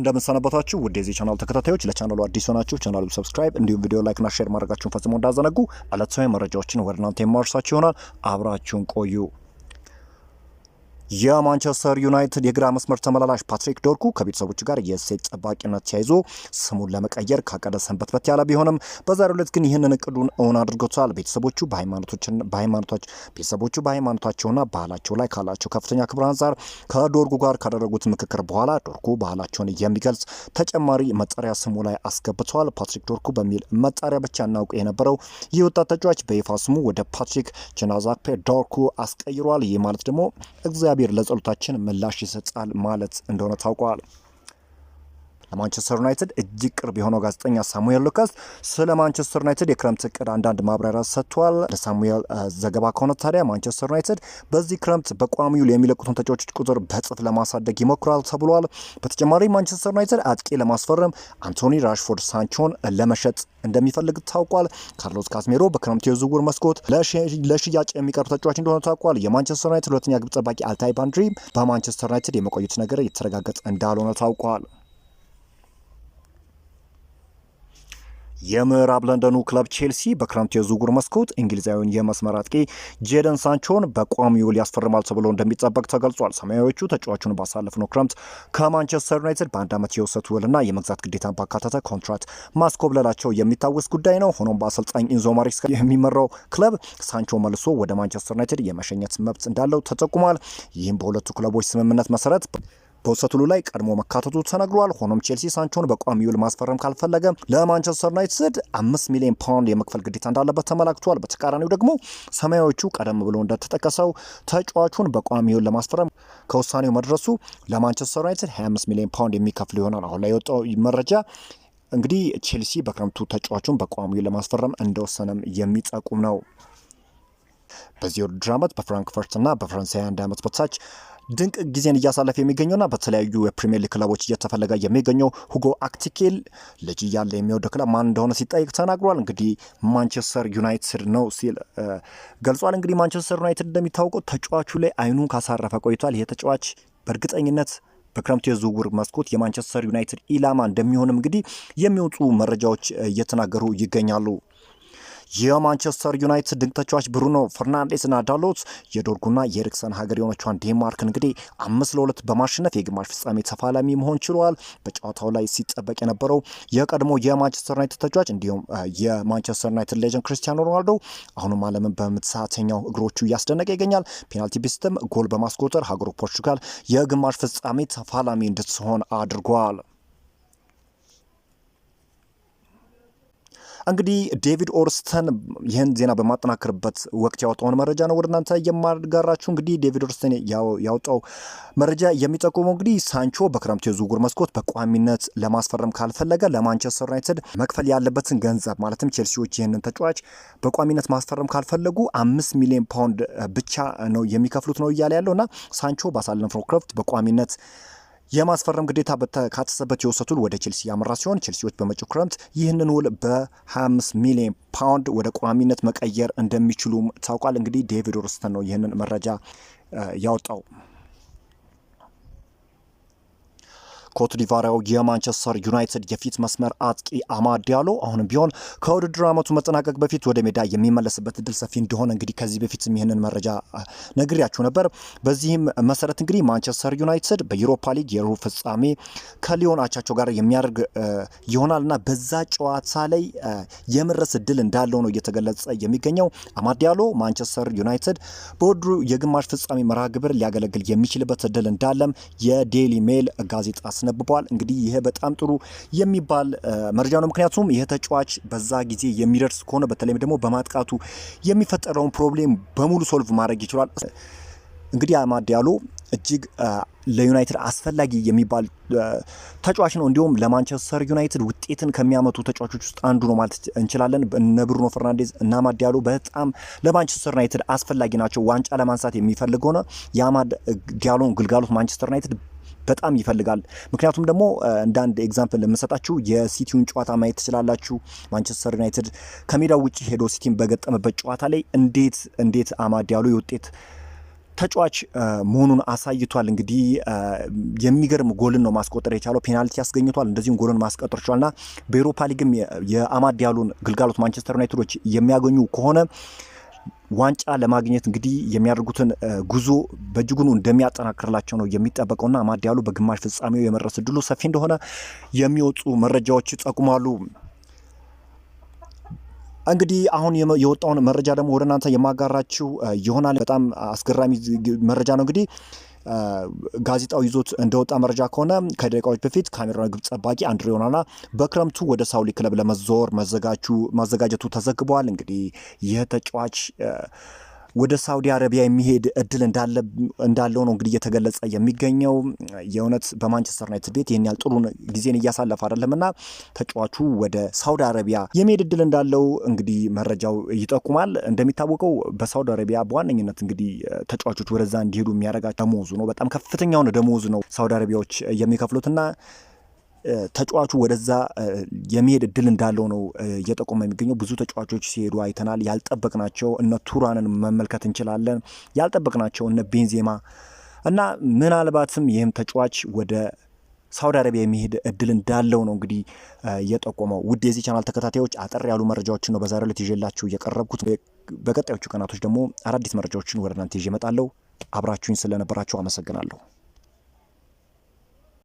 እንደምንሰነበታችሁ ውድ የዚህ ቻናል ተከታታዮች፣ ለቻናሉ አዲስ ሆናችሁ ቻናሉ ሰብስክራይብ እንዲሁም ቪዲዮ ና ሼር ማድረጋችሁን ፈጽሞ እንዳዘነጉ ዕለታዊ መረጃዎችን ወደ እናንተ የማርሳችሁ ይሆናል። አብራችሁን ቆዩ። የማንቸስተር ዩናይትድ የግራ መስመር ተመላላሽ ፓትሪክ ዶርኩ ከቤተሰቦቹ ጋር የሴት ጠባቂነት ተያይዞ ስሙን ለመቀየር ካቀደ በት ያለ ቢሆንም በዛሬው ዕለት ግን ይህንን እቅዱን እውን አድርጎታል። ቤተሰቦቹ ቤተሰቦቹ በሃይማኖታቸውና ባህላቸው ላይ ካላቸው ከፍተኛ ክብር አንጻር ከዶርጉ ጋር ካደረጉት ምክክር በኋላ ዶርኩ ባህላቸውን የሚገልጽ ተጨማሪ መጠሪያ ስሙ ላይ አስገብተዋል። ፓትሪክ ዶርኩ በሚል መጠሪያ ብቻ እናውቅ የነበረው ይህ ወጣት ተጫዋች በይፋ ስሙ ወደ ፓትሪክ ቼናዛክፔ ዶርኩ አስቀይሯል። ይህ ማለት ደግሞ እግዚአብሔር እግዚአብሔር ለጸሎታችን ምላሽ ይሰጣል ማለት እንደሆነ ታውቋል። ለማንቸስተር ዩናይትድ እጅግ ቅርብ የሆነው ጋዜጠኛ ሳሙኤል ሉካስ ስለ ማንቸስተር ዩናይትድ የክረምት እቅድ አንዳንድ ማብራሪያ ሰጥቷል። እንደ ሳሙኤል ዘገባ ከሆነ ታዲያ ማንቸስተር ዩናይትድ በዚህ ክረምት በቋሚው የሚለቁትን ተጫዋቾች ቁጥር በእጥፍ ለማሳደግ ይሞክራል ተብሏል። በተጨማሪ ማንቸስተር ዩናይትድ አጥቂ ለማስፈረም አንቶኒ ራሽፎርድ ሳንቾን ለመሸጥ እንደሚፈልግ ታውቋል። ካርሎስ ካስሜሮ በክረምት የዝውውር መስኮት ለሽያጭ የሚቀርብ ተጫዋች እንደሆነ ታውቋል። የማንቸስተር ዩናይትድ ሁለተኛ ግብ ጠባቂ አልታይ ባንድሪ በማንቸስተር ዩናይትድ የመቆየት ነገር የተረጋገጠ እንዳልሆነ ታውቋል። የምዕራብ ለንደኑ ክለብ ቼልሲ በክረምት የዝውውር መስኮት እንግሊዛዊውን የመስመር አጥቂ ጄደን ሳንቾን በቋሚ ውል ያስፈርማል ተብሎ እንደሚጠበቅ ተገልጿል። ሰማያዎቹ ተጫዋቹን ባሳለፍነው ክረምት ከማንቸስተር ዩናይትድ በአንድ ዓመት የውሰት ውልና የመግዛት ግዴታን ባካተተ ኮንትራት ማስኮብለላቸው የሚታወስ ጉዳይ ነው። ሆኖም በአሰልጣኝ ኢንዞ ማሬስካ የሚመራው ክለብ ሳንቾ መልሶ ወደ ማንቸስተር ዩናይትድ የመሸኘት መብት እንዳለው ተጠቁሟል። ይህም በሁለቱ ክለቦች ስምምነት መሰረት በውሰት ውሉ ላይ ቀድሞ መካተቱ ተነግሯል። ሆኖም ቼልሲ ሳንቾን በቋሚ ውል ማስፈረም ካልፈለገ ለማንቸስተር ዩናይትድ አምስት ሚሊዮን ፓውንድ የመክፈል ግዴታ እንዳለበት ተመላክቷል። በተቃራኒው ደግሞ ሰማያዎቹ ቀደም ብሎ እንደተጠቀሰው ተጫዋቹን በቋሚ ውል ለማስፈረም ከውሳኔው መድረሱ ለማንቸስተር ዩናይትድ 25 ሚሊዮን ፓውንድ የሚከፍል ይሆናል። አሁን ላይ የወጣው መረጃ እንግዲህ ቼልሲ በክረምቱ ተጫዋቹን በቋሚ ውል ለማስፈረም እንደወሰነም የሚጠቁም ነው። በዚህ ውድድር ዓመት እና በፈረንሳይ አንድ ዓመት በታች ድንቅ ጊዜን እያሳለፈ የሚገኘውና በተለያዩ የፕሪሚየር ሊግ ክለቦች እየተፈለገ የሚገኘው ሁጎ አክቲኬል ልጅ እያለ የሚወደው ክለብ ማን እንደሆነ ሲጠይቅ ተናግሯል። እንግዲህ ማንቸስተር ዩናይትድ ነው ሲል ገልጿል። እንግዲህ ማንቸስተር ዩናይትድ እንደሚታወቀው ተጫዋቹ ላይ አይኑን ካሳረፈ ቆይቷል። ይሄ ተጫዋች በእርግጠኝነት በክረምቱ የዝውውር መስኮት የማንቸስተር ዩናይትድ ኢላማ እንደሚሆንም እንግዲህ የሚወጡ መረጃዎች እየተናገሩ ይገኛሉ። የማንቸስተር ዩናይትድ ድንቅ ተጫዋች ብሩኖ ፈርናንዴስና ዳሎት የዶርጉና የኤሪክሰን ሀገር የሆነቿን ዴንማርክ እንግዲህ አምስት ለሁለት በማሸነፍ የግማሽ ፍጻሜ ተፋላሚ መሆን ችሏል። በጨዋታው ላይ ሲጠበቅ የነበረው የቀድሞ የማንቸስተር ዩናይትድ ተጫዋች እንዲሁም የማንቸስተር ዩናይትድ ሌጀንድ ክርስቲያኖ ሮናልዶ አሁንም ዓለምን በምትሳተኛው እግሮቹ እያስደነቀ ይገኛል። ፔናልቲ ቢስትም ጎል በማስቆጠር ሀገሩ ፖርቹጋል የግማሽ ፍጻሜ ተፋላሚ እንድትሆን አድርጓል። እንግዲህ ዴቪድ ኦርስተን ይህን ዜና በማጠናከርበት ወቅት ያወጣውን መረጃ ነው ወደ እናንተ የማጋራችሁ። እንግዲህ ዴቪድ ኦርስተን ያወጣው መረጃ የሚጠቁመው እንግዲህ ሳንቾ በክረምቱ የዝውውር መስኮት በቋሚነት ለማስፈረም ካልፈለገ ለማንቸስተር ዩናይትድ መክፈል ያለበትን ገንዘብ ማለትም ቼልሲዎች ይህንን ተጫዋች በቋሚነት ማስፈረም ካልፈለጉ አምስት ሚሊዮን ፓውንድ ብቻ ነው የሚከፍሉት ነው እያለ ያለው እና ሳንቾ ባሳለፍነው ክረምት በቋሚነት የማስፈረም ግዴታ በተካተተበት የወሰቱን ወደ ቼልሲ ያመራ ሲሆን ቼልሲዎች በመጪው ክረምት ይህንን ውል በ25 ሚሊዮን ፓውንድ ወደ ቋሚነት መቀየር እንደሚችሉም ታውቋል። እንግዲህ ዴቪድ ኦርንስተን ነው ይህንን መረጃ ያወጣው። ኮትዲቫሪያው የማንቸስተር ዩናይትድ የፊት መስመር አጥቂ አማድ ዲያሎ አሁንም ቢሆን ከውድድር ዓመቱ መጠናቀቅ በፊት ወደ ሜዳ የሚመለስበት እድል ሰፊ እንደሆነ እንግዲህ ከዚህ በፊት ይህንን መረጃ ነግሬያችሁ ነበር። በዚህም መሰረት እንግዲህ ማንቸስተር ዩናይትድ በዩሮፓ ሊግ የሩብ ፍጻሜ ከሊዮን አቻቸው ጋር የሚያደርግ ይሆናል እና በዛ ጨዋታ ላይ የመድረስ እድል እንዳለው ነው እየተገለጸ የሚገኘው። አማድ ዲያሎ ማንቸስተር ዩናይትድ በወድሩ የግማሽ ፍጻሜ መርሃ ግብር ሊያገለግል የሚችልበት እድል እንዳለም የዴሊ ሜል ጋዜጣ አስነብበዋል። እንግዲህ ይሄ በጣም ጥሩ የሚባል መረጃ ነው። ምክንያቱም ይሄ ተጫዋች በዛ ጊዜ የሚደርስ ከሆነ በተለይም ደግሞ በማጥቃቱ የሚፈጠረውን ፕሮብሌም በሙሉ ሶልቭ ማድረግ ይችላል። እንግዲህ አማድ ዲያሎ እጅግ ለዩናይትድ አስፈላጊ የሚባል ተጫዋች ነው። እንዲሁም ለማንቸስተር ዩናይትድ ውጤትን ከሚያመጡ ተጫዋቾች ውስጥ አንዱ ነው ማለት እንችላለን። እነ ብሩኖ ፈርናንዴዝ እና አማድ ዲያሎ በጣም ለማንቸስተር ዩናይትድ አስፈላጊ ናቸው። ዋንጫ ለማንሳት የሚፈልግ ሆነ የአማድ ዲያሎን ግልጋሎት ማንቸስተር ዩናይትድ በጣም ይፈልጋል። ምክንያቱም ደግሞ እንደ አንድ ኤግዛምፕል የምሰጣችሁ የሲቲውን ጨዋታ ማየት ትችላላችሁ። ማንቸስተር ዩናይትድ ከሜዳው ውጭ ሄዶ ሲቲን በገጠመበት ጨዋታ ላይ እንዴት እንዴት አማድ ያሉ የውጤት ተጫዋች መሆኑን አሳይቷል። እንግዲህ የሚገርም ጎልን ነው ማስቆጠር የቻለው ፔናልቲ ያስገኝቷል፣ እንደዚሁም ጎልን ማስቆጠር ችሏል። እና በኤሮፓ ሊግም የአማድ ያሉን ግልጋሎት ማንቸስተር ዩናይትዶች የሚያገኙ ከሆነ ዋንጫ ለማግኘት እንግዲህ የሚያደርጉትን ጉዞ በእጅጉኑ እንደሚያጠናክርላቸው ነው የሚጠበቀውና አማድ ያሉ በግማሽ ፍጻሜው የመድረስ እድሉ ሰፊ እንደሆነ የሚወጡ መረጃዎች ይጠቁማሉ። እንግዲህ አሁን የወጣውን መረጃ ደግሞ ወደ እናንተ የማጋራችው ይሆናል። በጣም አስገራሚ መረጃ ነው እንግዲህ ጋዜጣው ይዞት እንደወጣ መረጃ ከሆነ ከደቂቃዎች በፊት ካሜሮናዊ ግብ ጠባቂ አንድሬ ኦናና በክረምቱ ወደ ሳውዲ ክለብ ለመዘወር ማዘጋጀቱ ተዘግበዋል። እንግዲህ ይህ ተጫዋች ወደ ሳውዲ አረቢያ የሚሄድ እድል እንዳለው ነው እንግዲህ እየተገለጸ የሚገኘው። የእውነት በማንቸስተር ዩናይትድ ቤት ይህን ያህል ጥሩ ጊዜን እያሳለፈ አይደለም እና ተጫዋቹ ወደ ሳውዲ አረቢያ የሚሄድ እድል እንዳለው እንግዲህ መረጃው ይጠቁማል። እንደሚታወቀው በሳውዲ አረቢያ በዋነኝነት እንግዲህ ተጫዋቾች ወደዛ እንዲሄዱ የሚያደርጋቸው ደሞዙ ነው። በጣም ከፍተኛ የሆነ ደሞዙ ነው ሳውዲ አረቢያዎች የሚከፍሉትና ተጫዋቹ ወደዛ የመሄድ እድል እንዳለው ነው እየጠቆመ የሚገኘው። ብዙ ተጫዋቾች ሲሄዱ አይተናል። ያልጠበቅናቸው እነ ቱራንን መመልከት እንችላለን። ያልጠበቅናቸው እነ ቤንዜማ እና ምናልባትም ይህም ተጫዋች ወደ ሳውዲ አረቢያ የሚሄድ እድል እንዳለው ነው እንግዲህ እየጠቆመው። ውድ የዚህ ቻናል ተከታታዮች አጠር ያሉ መረጃዎችን ነው በዛሬው ዕለት ይዤላችሁ እየቀረብኩት። በቀጣዮቹ ቀናቶች ደግሞ አዳዲስ መረጃዎችን ወደ እናንተ ይዤ እመጣለሁ። አብራችሁኝ ስለነበራችሁ አመሰግናለሁ።